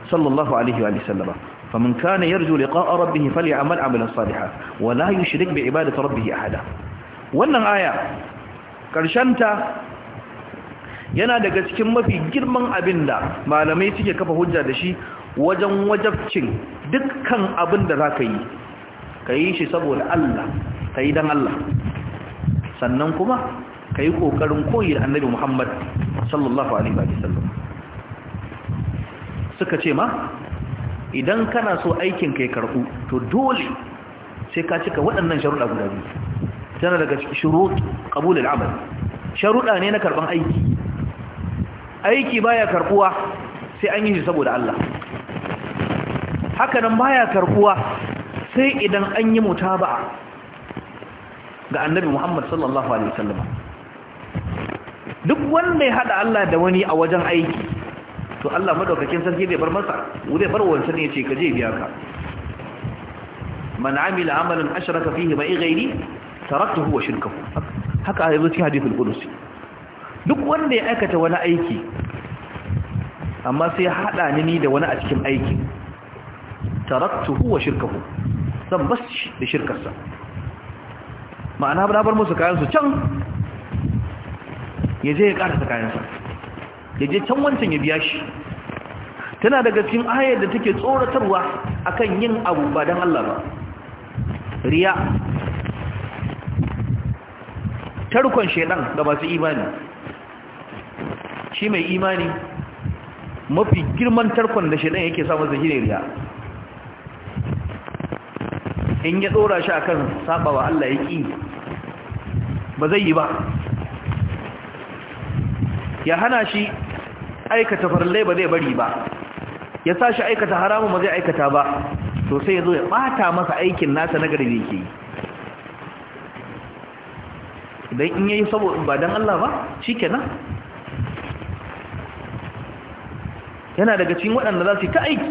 sallallahu alaihi wa sallama faman kana yarju liqa'a rabbih falyamal 'amalan salihan wa la yushrik bi ibadati rabbih ahada wannan aya karshen ta yana daga cikin mafi girman abinda malamai suke kafa hujja da shi wajen wajabcin dukkan abin da zaka yi ka yi shi saboda Allah ka yi dan Allah sannan kuma ka yi ƙoƙarin koyi da annabi muhammad sallallahu alaihi wa sallam suka ce ma idan kana so aikin ka ya karɓu to dole sai ka cika waɗannan sharuɗa guda biyu tana daga shurut ƙabulul amal sharuɗa ne na karɓan aiki aiki baya karɓuwa sai an yi shi saboda Allah hakanan baya karɓuwa sai idan an yi mutaba'a ga annabi Muhammad sallallahu alaihi sallam. duk wanda ya hada Allah da wani a wajen aiki to Allah madaukakin sarki zai bar masa zai bar wancan ne yace ka je biya ka man amila amalan ashraka fihi ma'i ghairi taraktuhu wa shirkahu haka a yanzu cikin hadithul qudusi duk wanda ya aikata wani aiki amma sai ya hada ni da wani a cikin aiki taraktuhu wa shirkahu zan bas da shirkarsa ma'ana na bar musu kayan su can ya je ya karasa kayansa ya je can wancan ya biya shi tana daga cikin ayar da take tsoratarwa akan yin abu ba don Allah ba riya tarkon shedan da masu imani shi mai imani mafi girman tarkon da shedan yake samun zai ne riya in ya tsora shi akan saba wa Allah ya ba zai yi ba ya hana shi aikata farallai ba zai bari ba ya sa shi aikata haramun ba zai aikata ba to sai ya zo ya bata masa aikin nasa na garbe ke Idan in yayi saboda ba don Allah ba shi kenan yana daga cikin waɗanda za su yi ta aiki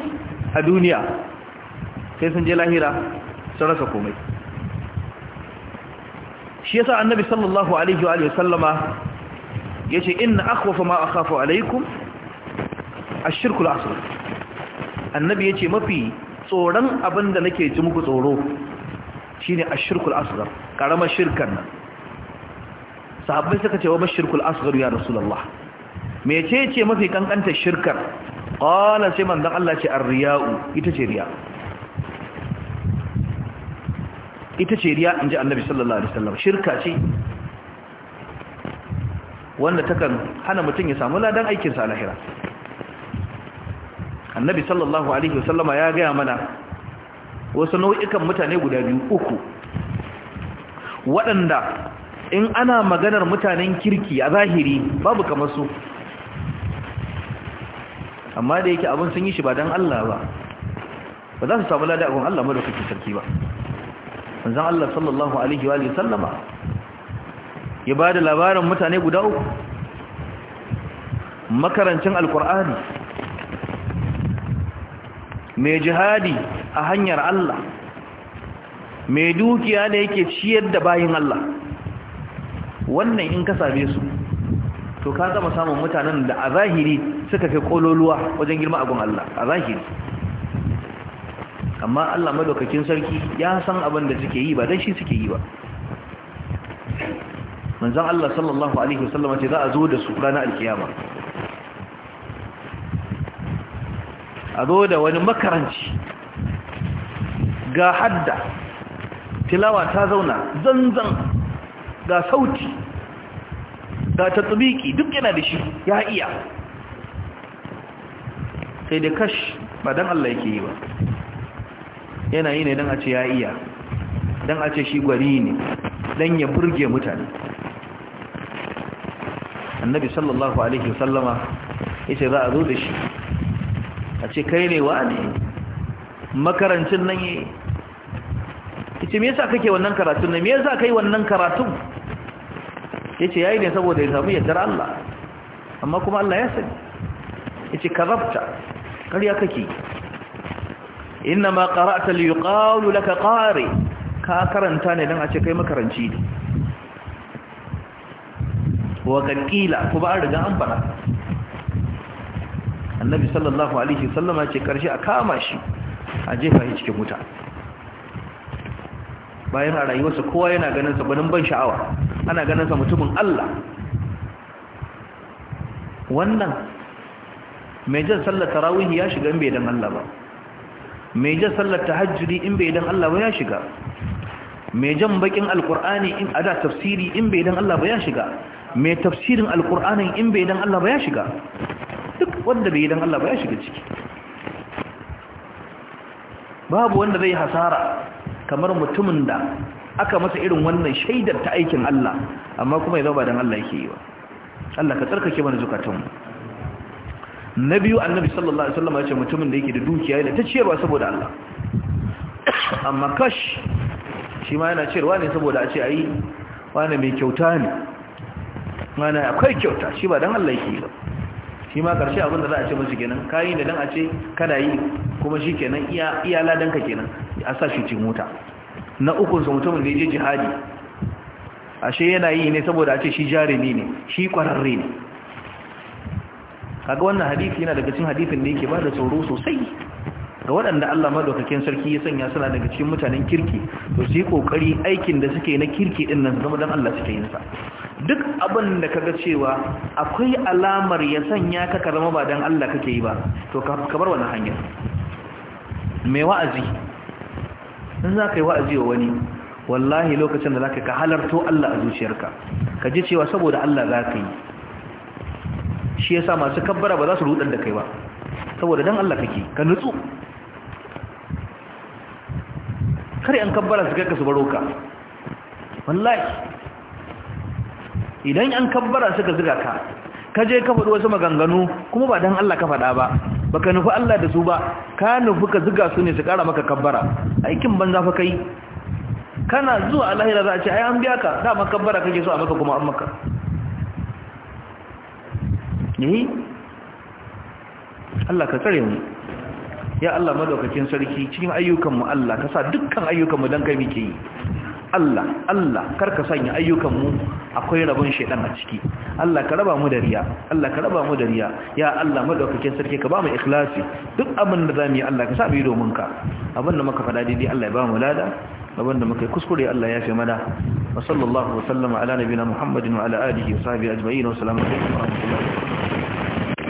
a duniya sai sun je lahira su rasa komai shi yasa annabi sallallahu alaihi wa sallama yace inna akhwafa ma akhafu alaikum ash-shirku al-asghar annabi yace mafi tsoron abin da nake ji muku tsoro shine ash-shirku al-asghar karamar shirkan nan sahabbai suka ce wa bashirku al-asghar ya rasulullah mece ce ce mafi kankanta shirkar qala sai manzon Allah ce ar-riya'u ita ce riya ita ce riya inji annabi sallallahu alaihi sallam shirka ce wanda takan hana mutum ya samu ladan aikinsa a lahira annabi sallallahu alaihi wasallama ya gaya mana wasu nau'ikan mutane guda biyu uku waɗanda in ana maganar mutanen kirki a zahiri babu kamar su amma da yake abin sun yi shi ba don Allah ba ba za su samu ladan abin Allah madaukakin sarki ba manzan Allah sallallahu alaihi wa sallama ya ba da labarin mutane guda uku makarancin alkur'ani mai jihadi a hanyar Allah mai dukiya da yake ciyar da bayin Allah wannan in ka same su to ka zama samun mutanen da a zahiri suka fi kololuwa wajen girma abin Allah a zahiri amma Allah madaukakin sarki ya san abin da suke yi ba don shi suke yi ba manzan Allah sallallahu alaihi wasallam ce za a zo da su ranar alkiyama a zo da wani makaranci ga hadda tilawa ta zauna zanzan ga sauti ga tatsubiki duk yana da shi ya iya sai da kash ba don Allah yake yi ba yana yi ne don a ce ya iya don a ce shi gwari ne don ya burge mutane annabi sallallahu alaihi wasallama yace za a zo da shi a ce kai ne wa ne makarancin nan yi yace me yasa kake wannan karatun ne me yasa kai wannan karatun yace yayi ne saboda ya samu yardar Allah amma kuma Allah ya sani yace karabta kariya kake inma qara'ta li yuqalu laka qari ka karanta ne dan a ce kai makaranci ne ba riga an فبعد annabi sallallahu alaihi صلى ce عليه a kama shi a jefa shi cikin wuta. bayan a rayuwarsa kowa yana ganin sa banin ban sha'awa ana ganin sa mutumin Allah wannan mai jan sallar tarawih ya shiga in bai dan Allah ba mai jan sallar tahajjudi in bai dan Allah ba ya shiga mai jan bakin alkur'ani in ada tafsiri in bai dan Allah ba ya shiga mai tafsirin alkur'anin in bai dan Allah ba ya shiga duk wanda bai dan Allah ba ya shiga ciki babu wanda zai hasara kamar mutumin da aka masa irin wannan shaidar ta aikin Allah amma kuma ya zaba dan Allah yake yi ba Allah ka tsarkake mana zukatanmu na biyu annabi sallallahu alaihi wasallam ya ce mutumin da yake da dukiya da ta ciyarwa saboda Allah amma kash shi ma yana ciyarwa ne saboda a ce ayi wani mai kyauta ne mana akwai kyauta shi ba don Allah yake ba shi ma karshe abin da za a ce musu kenan kayi da dan a ce kada yi kuma shi kenan iya iya ladan ka kenan a sa shi cikin mota na ukun mutumin da yake jihadi ashe yana yi ne saboda a ce shi jarumi ne shi kwararre ne kaga wannan hadisi yana daga cikin hadisin da yake ba da tsoro sosai ga waɗanda Allah madaukakin sarki ya sanya suna daga cikin mutanen kirki to su yi kokari aikin da suke na kirki din nan zama dan Allah suke yin sa duk abin da kaga cewa akwai alamar ya sanya ka karama ba dan Allah kake yi ba to ka bar wannan hanya mai wa'azi in za ka yi wa'azi wa wani wallahi lokacin da za ka halarto Allah a zuciyarka ka ji cewa saboda Allah za ka yi shi ya sa masu kabbara ba za su rudar da kai ba saboda dan Allah kake ka nutsu kar yan kabbara su kai ka su baro ka wallahi idan an kabbara suka ziga ka ka je ka faɗi wasu maganganu kuma ba dan Allah ka faɗa ba baka nufi Allah da su ba ka nufi ka ziga su ne su ƙara maka kabbara aikin banza fa kai kana zuwa alahira za a ce ai an biya ka dama kabbara kake so a maka kuma an maka ne Allah ka tsare mu ya Allah madaukakin sarki cikin ayyukanmu Allah ka sa dukkan ayyukanmu dan kai muke yi Allah Allah kar ka sanya ayyukanmu akwai rabon shedan a ciki Allah ka raba mu da riya Allah ka raba mu da riya ya Allah madaukakin sarki ka ba mu ikhlasi duk abin da zamu yi Allah ka sa mu yi domin ka abin da muka faɗa daidai Allah ya ba mu lada abin da muka yi kuskure Allah ya fi mana wa sallallahu wa sallama ala nabiyina Muhammadin wa ala alihi wa sahbihi ajma'in wa salamu alaikum wa rahmatullahi wa barakatuh